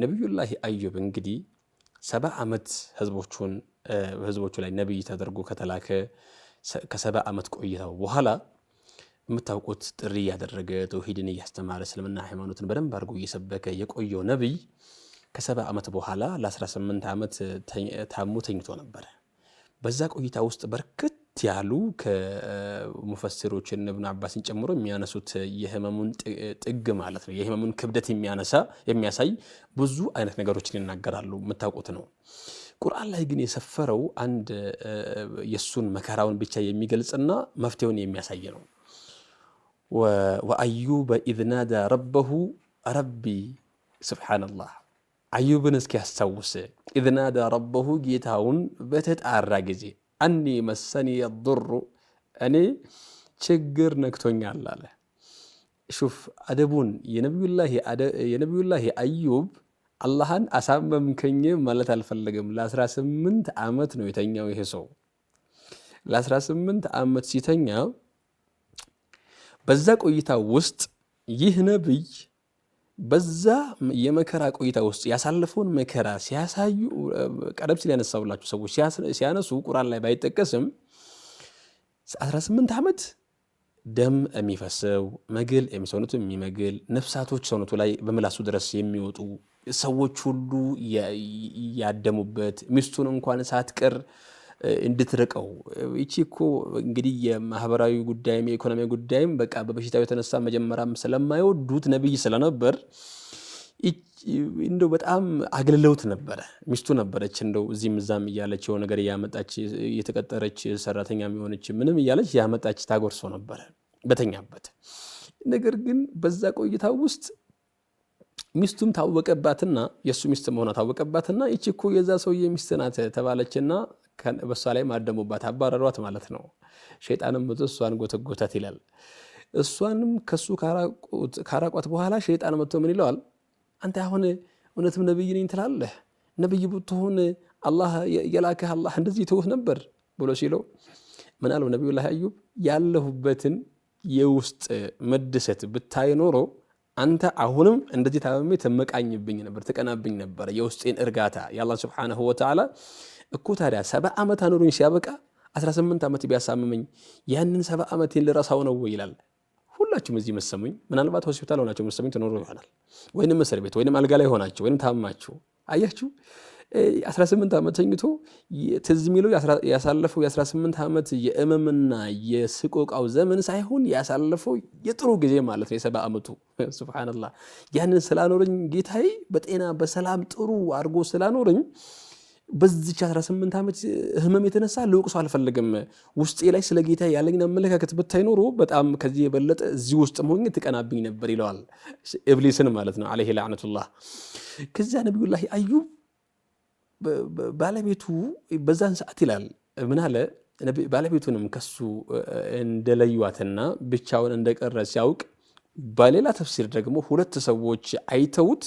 ነቢዩላህ አዩብ እንግዲህ ሰባ ዓመት ህዝቦቹን ህዝቦቹ ላይ ነቢይ ተደርጎ ከተላከ ከሰባ ዓመት ቆይታው በኋላ የምታውቁት ጥሪ እያደረገ ተውሂድን እያስተማረ እስልምና ሃይማኖትን በደንብ አድርጎ እየሰበከ የቆየው ነቢይ ከሰባ ዓመት በኋላ ለ18 ዓመት ታሞ ተኝቶ ነበረ። በዛ ቆይታ ውስጥ በርክት ያሉ ከሙፈስሮችን እብን አባስን ጨምሮ የሚያነሱት የህመሙን ጥግ ማለት ነው፣ የህመሙን ክብደት የሚያነሳ የሚያሳይ ብዙ አይነት ነገሮችን ይናገራሉ። የምታውቁት ነው። ቁርአን ላይ ግን የሰፈረው አንድ የእሱን መከራውን ብቻ የሚገልጽና መፍትሄውን የሚያሳይ ነው። ወአዩበ ኢዝናዳ ረበሁ ረቢ ስብሓነላህ አዩብን እስኪ ያስታውስ ኢዝናዳ ረበሁ ጌታውን በተጣራ ጊዜ አኒ መሰኒ የዱሩ እኔ ችግር ነክቶኛል አለ። ሹፍ አደቡን የነቢዩላሂ አዩብ አላህን አሳመምከኝ ማለት አልፈለግም ለ ለ18 ዓመት ነው የተኛው ይሄ ሰው። ለ18 ዓመት ሲተኛ በዛ ቆይታ ውስጥ ይህ ነቢይ በዛ የመከራ ቆይታ ውስጥ ያሳለፈውን መከራ ሲያሳዩ ቀደም ሲል ያነሳሁላችሁ ሰዎች ሲያነሱ ቁርአን ላይ ባይጠቀስም 18 ዓመት ደም የሚፈሰው መግል ሰውነቱ የሚመግል ነፍሳቶች ሰውነቱ ላይ በምላሱ ድረስ የሚወጡ ሰዎች ሁሉ ያደሙበት ሚስቱን እንኳን ሳትቀር እንድትርቀው ይቺ እኮ እንግዲህ የማህበራዊ ጉዳይም የኢኮኖሚ ጉዳይም በቃ በበሽታው የተነሳ መጀመሪያም ስለማይወዱት ነቢይ ስለነበር እንደው በጣም አግልለውት ነበረ። ሚስቱ ነበረች እንደው እዚህም እዛም እያለች የሆነ ነገር እያመጣች የተቀጠረች ሰራተኛ የሆነች ምንም እያለች ያመጣች ታጎርሶ ነበረ በተኛበት። ነገር ግን በዛ ቆይታ ውስጥ ሚስቱም ታወቀባትና የእሱ ሚስት መሆኗ ታወቀባትና ይቺ እኮ የዛ ሰውዬ ሚስት ናት ተባለችና በእሷ ላይ ማደሙባት አባረሯት ማለት ነው። ሸይጣንም መጥቶ እሷን ጎተጎታት ይላል። እሷንም ከሱ ካራቋት በኋላ ሸይጣን መጥቶ ምን ይለዋል? አንተ አሁን እውነትም ነብይ ነኝ ትላለህ? ነብይ ብትሆን አላህ የላከህ አላህ እንደዚህ ትውህ ነበር ብሎ ሲለው ምን አለው ነቢዩላህ አዩብ ያለሁበትን የውስጥ መደሰት ብታይ ኖሮ አንተ አሁንም እንደዚህ ታመሜ ትመቃኝብኝ ነበር፣ ትቀናብኝ ነበር። የውስጤን እርጋታ የአላህ ስብሓነሁ ወተዓላ እኮ ታዲያ ሰባ ዓመት አኖሩኝ ሲያበቃ 18 ዓመት ቢያሳምመኝ ያንን ሰባ ዓመቴን ልረሳው ነው ይላል። ሁላችሁም እዚህ መሰሙኝ፣ ምናልባት ሆስፒታል ሆናችሁ መሰሙኝ ትኖሩ ይሆናል፣ ወይንም እስር ቤት ወይንም አልጋ ላይ ሆናችሁ ወይም ታማችሁ። አያችሁ 18 ዓመት ተኝቶ ትዝ የሚለው ያሳለፈው የ18 ዓመት የእመምና የስቆቃው ዘመን ሳይሆን ያሳለፈው የጥሩ ጊዜ ማለት ነው። የሰባ ዓመቱ ሱብሓነላህ። ያንን ስላኖረኝ ጌታዬ በጤና በሰላም ጥሩ አድርጎ ስላኖረኝ በዚች 18 ዓመት ህመም የተነሳ ልወቅሰው አልፈለገም። ውስጤ ላይ ስለ ጌታ ያለኝ አመለካከት ብታይ ኖሮ በጣም ከዚህ የበለጠ እዚህ ውስጥ መሆኝ ትቀናብኝ ነበር ይለዋል። እብሊስን ማለት ነው ዓለይሂ ለዓነቱላህ። ከዚያ ነቢዩላህ አዩብ ባለቤቱ በዛን ሰዓት ይላል ምን አለ ባለቤቱንም ከሱ እንደለዩዋትና ብቻውን እንደቀረ ሲያውቅ፣ በሌላ ተፍሲር ደግሞ ሁለት ሰዎች አይተውት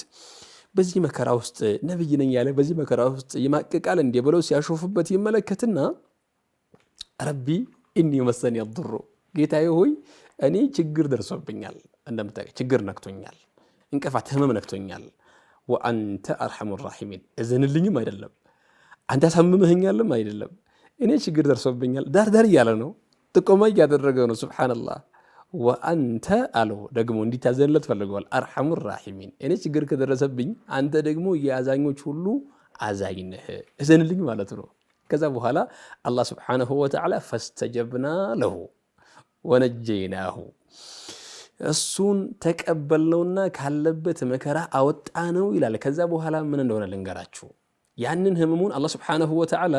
በዚህ መከራ ውስጥ ነብይ ነኝ ያለ በዚህ መከራ ውስጥ ይማቅቃል እንዴ ብለው ሲያሾፉበት ይመለከትና ረቢ እኒ መሰን ያድሩ ጌታዬ ሆይ እኔ ችግር ደርሶብኛል፣ እንደምታ ችግር ነክቶኛል፣ እንቅፋት ህመም ነክቶኛል። ወአንተ አርሐሙ ራሒሚን እዘንልኝም አይደለም አንተ ያሳምምህኛልም አይደለም እኔ ችግር ደርሶብኛል። ዳርዳር እያለ ነው፣ ጥቆማ እያደረገ ነው። ሱብሓነላህ ወአንተ አለው ደግሞ እንዲታዘንለት ፈልገዋል። አርሐሙ ራሒሚን እኔ ችግር ከደረሰብኝ አንተ ደግሞ የአዛኞች ሁሉ አዛኝ ነህ፣ እዘንልኝ ማለት ነው። ከዛ በኋላ አላህ ስብሓነሁ ወተዓላ ፈስተጀብና ለሁ ወነጀይናሁ እሱን ተቀበልነውና ካለበት መከራ አወጣ ነው ይላል። ከዛ በኋላ ምን እንደሆነ ልንገራችሁ። ያንን ህመሙን አላህ ስብሓነሁ ወተዓላ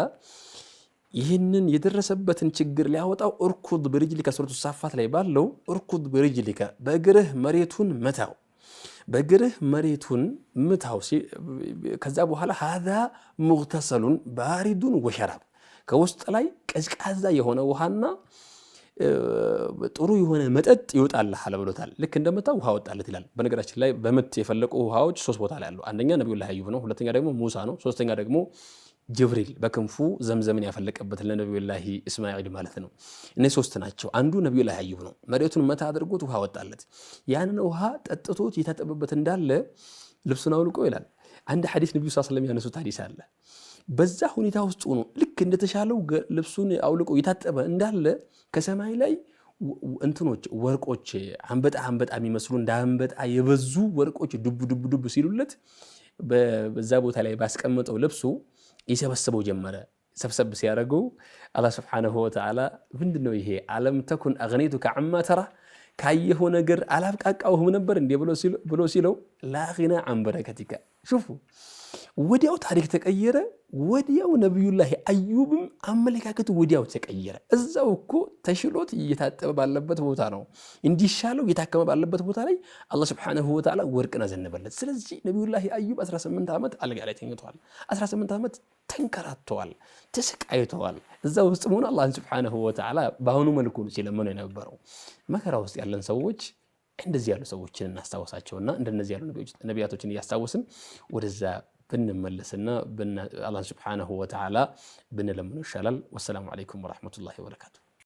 ይህንን የደረሰበትን ችግር ሊያወጣው እርኩድ ብርጅሊከ ሱረቱ ሳፋት ላይ ባለው እርኩድ ብርጅሊከ በእግርህ መሬቱን ምታው፣ በእግርህ መሬቱን ምታው። ከዛ በኋላ ሀዛ ሙግተሰሉን ባሪዱን ወሸራብ ከውስጥ ላይ ቀዝቃዛ የሆነ ውሃና ጥሩ የሆነ መጠጥ ይወጣልሃል ብሎታል። ልክ እንደመታ ውሃ ወጣለት ይላል። በነገራችን ላይ በምት የፈለቁ ውሃዎች ሶስት ቦታ ላይ አሉ። አንደኛ ነቢዩላህ አዩብ ነው፣ ሁለተኛ ደግሞ ሙሳ ነው፣ ሶስተኛ ደግሞ ጅብሪል በክንፉ ዘምዘምን ያፈለቀበት ለነቢዩላሂ እስማኤል ማለት ነው። እነዚህ ሶስት ናቸው። አንዱ ነቢዩላሂ አዩብ ነው። መሬቱን መታ አድርጎት ውሃ ወጣለት። ያንን ውሃ ጠጥቶት የታጠበበት እንዳለ ልብሱን አውልቆ ይላል። አንድ ሐዲስ ነቢዩ ስለም ያነሱት ሐዲስ አለ። በዛ ሁኔታ ውስጥ ሆኖ ልክ እንደተሻለው ልብሱን አውልቆ የታጠበ እንዳለ ከሰማይ ላይ እንትኖች ወርቆች፣ አንበጣ አንበጣ የሚመስሉ እንደ አንበጣ የበዙ ወርቆች ዱብ ዱብ ዱብ ሲሉለት በዛ ቦታ ላይ ባስቀመጠው ልብሱ ይሰበስበው ጀመረ። ሰብሰብ ሲያደርጉ አላህ ስብሓነሁ ወተዓላ ምንድን ነው ይሄ አለም ተኩን አግኔቱከ ዐማ ተራ ካየኸው ነገር አላብቃቃውህም ነበር እንዴ ብሎ ሲለው ላ ጊና ዐን በረከቲከ ሹፉ ወዲያው ታሪክ ተቀየረ። ወዲያው ነቢዩላህ አዩብም አመለካከቱ ወዲያው ተቀየረ። እዛው እኮ ተሽሎት እየታጠበ ባለበት ቦታ ነው እንዲሻለው እየታከመ ባለበት ቦታ ላይ አላህ ሱብሓነሁ ወተዓላ ወርቅን አዘነበለት። ስለዚህ ነቢዩላህ አዩብ 18 ዓመት አልጋ ላይ ተኝተዋል። 18 ዓመት ተንከራተዋል፣ ተሰቃይተዋል። እዛ ውስጥ መሆን አላህን ሱብሓነሁ ወተዓላ በአሁኑ መልኩ ነው ሲለመነው የነበረው። መከራ ውስጥ ያለን ሰዎች እንደዚህ ያሉ ሰዎችን እናስታወሳቸውና እንደነዚህ ያሉ ነቢያቶችን እያስታወስን ወደዛ بنملسنا بن الله سبحانه وتعالى بنلمن الشلل والسلام عليكم ورحمه الله وبركاته